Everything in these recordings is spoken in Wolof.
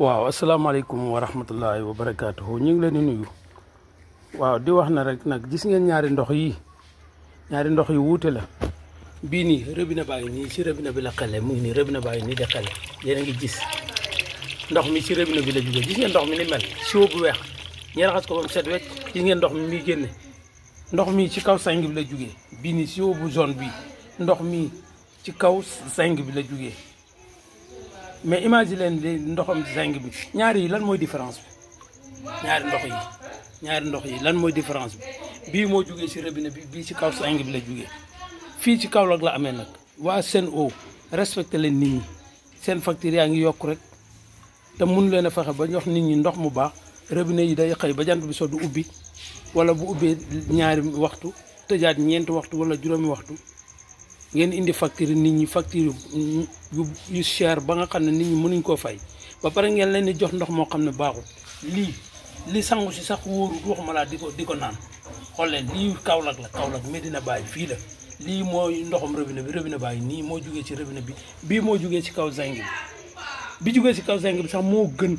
waaw asalaamaaleykum wa rahmatullahi wa barakaatuhu ñu ngi leen di nuyu waaw di wax na rek nag gis ngeen ñaari ndox yi ñaari ndox yi wuute la bii nii rëbina baa ngi nii si rëbina bi la xale mu ngi nii rëbina baa ngi nii di xale yéen gis ndox mi si rëbina bi la jugee gis ngeen ndox mi ni mel siwo bu weex ñu raxas ko ba mu set wecc gis ngeen ndox mi mi génne ndox mi ci kaw sàng bi la jugee bii nii siwo bu zone bi ndox mi ci kaw sàng bi la jugee mais imagine leen di ndoxam zinc bi ñaari yi lan mooy différence bi ñaari ndox yi ñaari ndox yi lan mooy différence bi bii moo jógee si robinet bi bii si kaw zinc bi la jugee fii ci Kaolack la amee nag waa seen Sen'Eau respecté leen nit ñi seen facture yaa ngi yokk rek te mun leen a fexe ba jox nit ñi ndox mu baax robinet yi day xëy ba jant bi so du ubbi wala bu ubbee ñaari waxtu tëjaat ñeenti waxtu wala juróomi waxtu ngeen indi facture nit ñi facture yu yu cher ba nga xam ne nit ñi mënuñ koo fay ba pare ngeen leen di jox ndox moo xam ne baaxul lii li sangu si sax wax waxuma laa di ko di ko naan xool leen lii Kaolack la Kaolack Medina Baye fii la lii mooy ndoxam robinet bi robinet Baye nii moo jugee ci robinet bi bii moo jugee si kaw zinc bi bi jugee si kaw zinc bi sax moo gën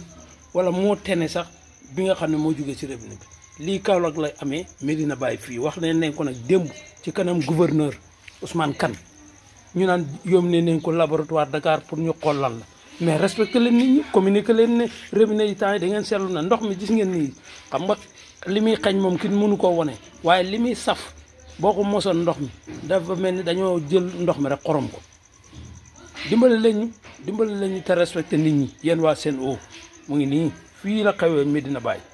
wala moo tene sax bi nga xam ne moo jugee si robinet bi lii Kaolack lay amee Medina Baye fii wax nañ leen nag démb ci kanam gouverneur Ousmane ñu naan yom ne nañ ko laboratoire dakar pour ñu xolal la mais respecté leen nit ñi communiqué leen ne revenu yi temps yi da ngeen seetlu na ndox mi gis ngeen nii xam nga li muy xañ moom kit mënu koo wone waaye li muy saf boo ko mosoon ndox mi dafa mel ni dañoo jël ndox mi rek xorom ko dimbale leen ñu dimbale leen ñu te respecté nit ñi yéen waa seen eau mu ngi nii fii la xewee medina baye